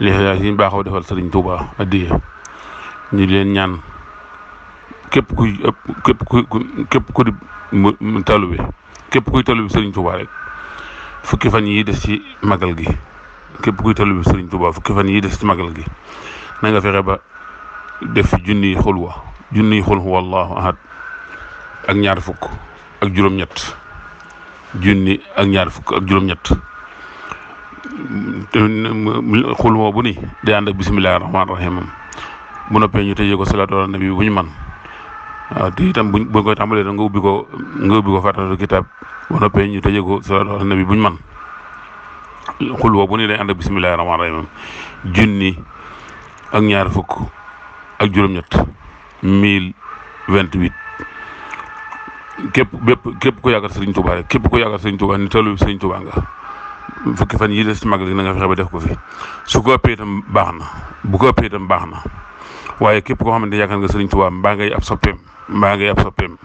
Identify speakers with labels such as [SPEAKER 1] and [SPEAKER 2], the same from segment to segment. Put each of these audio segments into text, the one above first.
[SPEAKER 1] lixlaas yi baaxoo defal sëriñ Touba addiya ñu leen ñaan képp kuy képp ku képp ku di talube képp kuy talube sëriñ Touba fukki fan yi des ci magal gi képp kuy talube sëriñ Touba fukki fan yi des ci magal gi na nga fexe ba def junniy xulwa junniy xul wallahu ahad ak ñaar fukk ak juróom-ñett junni ak ñaar fukk ak juróom-ñett xul woo bu ni day ànd ak bisimilah rahmaani rahiim bu noppee ñu tëjee ko salaatu ala nabi bu ñu man waaw buñ buñ koy tàmbalee nga ubbi ko nga ubbi ko fàttaliku kitaab man xul woo bu ni day ànd ak bisimilah junni ak ñaar fukk ak juróom mille vingt huit képp bépp képp ku yaakaar Serigne Touba rek képp ku yaakaar Serigne Touba ni nga. fukki fan yii des ci màggal gi na nga fexe def ko fi su ko ëppee baax na bu ko ëppee itam baax na waaye képp koo xamante ne yaakaar nga Sëriñ Tuubaa mbaa ngay ab soppeem mbaa ngay ab soppeem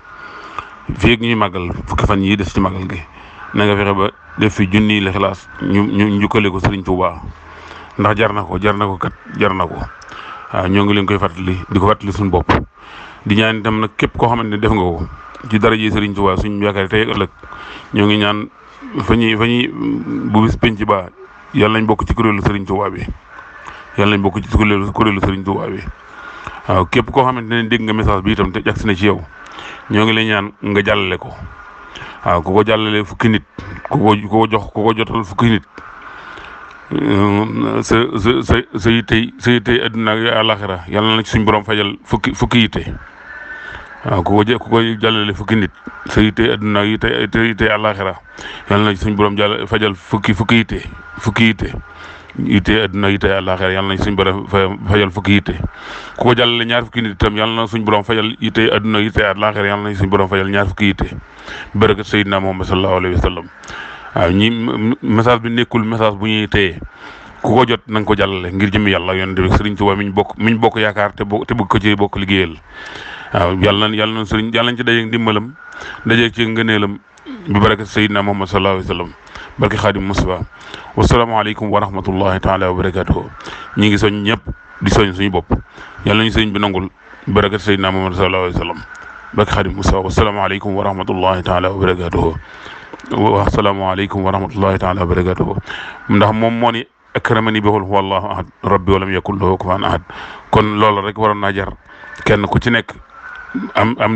[SPEAKER 1] fii ak màggal fukki fan yii des ci màggal gi na nga fexe ba def fi junniy la xilaas ñu ñu njukkale ko Sëriñ Tuubaa ndax jar na ko jar na ko kat jar na ko waaw ñoo ngi leen koy fàttali di ko fàttali suñu bopp di ñaan itam na képp koo xamante ne def nga ko ci dara ji Sëriñ Tuubaa suñu yaakaar tey ëllëg ñoo ngi ñaan. fa ñuy fa ñuy bu bis penc ba yàlla nañ bokk ci kuréelu Serigne Touba bi bokk ci kuréelu kuréelu Serigne Touba bi waaw képp koo xamante ne dégg nga message bi itam te jagsi na ci yow ñoo ngi lay ñaan nga jàllale ko waaw ku ko jàllale fukki nit ku ko ku ko jox ku ko jotal fukki nit euh, sa sa sa sa yitte sa yitte ci suñ borom fajal fukki fukki yitte. waaw ku ko jë ku koy jàllale fukki nit sa yitte adduna ak yitte na suñ borom jàll fajal fukki fukki yitte fukki yitte yitte adduna yitte àllaaxira yal suñ borom fajal fukki yitte ku ko jàllale ñaar fukki nit itam na suñ borom fajal yitte adduna yitte àllaaxira yal nañ suñ borom fajal ñaar fukki yitte barakat sayyidina Muhammad sallallahu alayhi wa sallam waaw ñi message bi nekkul message bu ñuy téye ku ko jot na ko jàllale ngir jëmi yàlla yonent bi Sëriñ Tuubaa bokk mi ñu bokk yaakaar te bokk te bëgg ko ci bokk liggéeyal waaw yàlla na yàlla na sëriñ yàlla nañ ci dajeeg ndimbalam dajeeg ci ngëneelam bi baraka sayyidina Muhammad sallallahu alayhi wa sallam barke xaadim Mustafa wasalaamaaleykum wa rahmatullahi taala wa barakatuhu ñi ngi soñ ñëpp di soñ suñu bopp yàlla nañu sëriñ bi nangul baraka sayyidina Muhammad sallallahu alayhi wa sallam barke xaadim Mustafa wasalaamaaleykum wa rahmatullahi taala wa barakatuhu wa salaamaaleykum wa rahmatullahi taala wa barakatuhu ndax moom moo ni akramani bihul huwa allahu ahad rabbi walam yakul lahu kufuwan ahad kon loolu rek waroon naa jar kenn ku ci nekk I'm I'm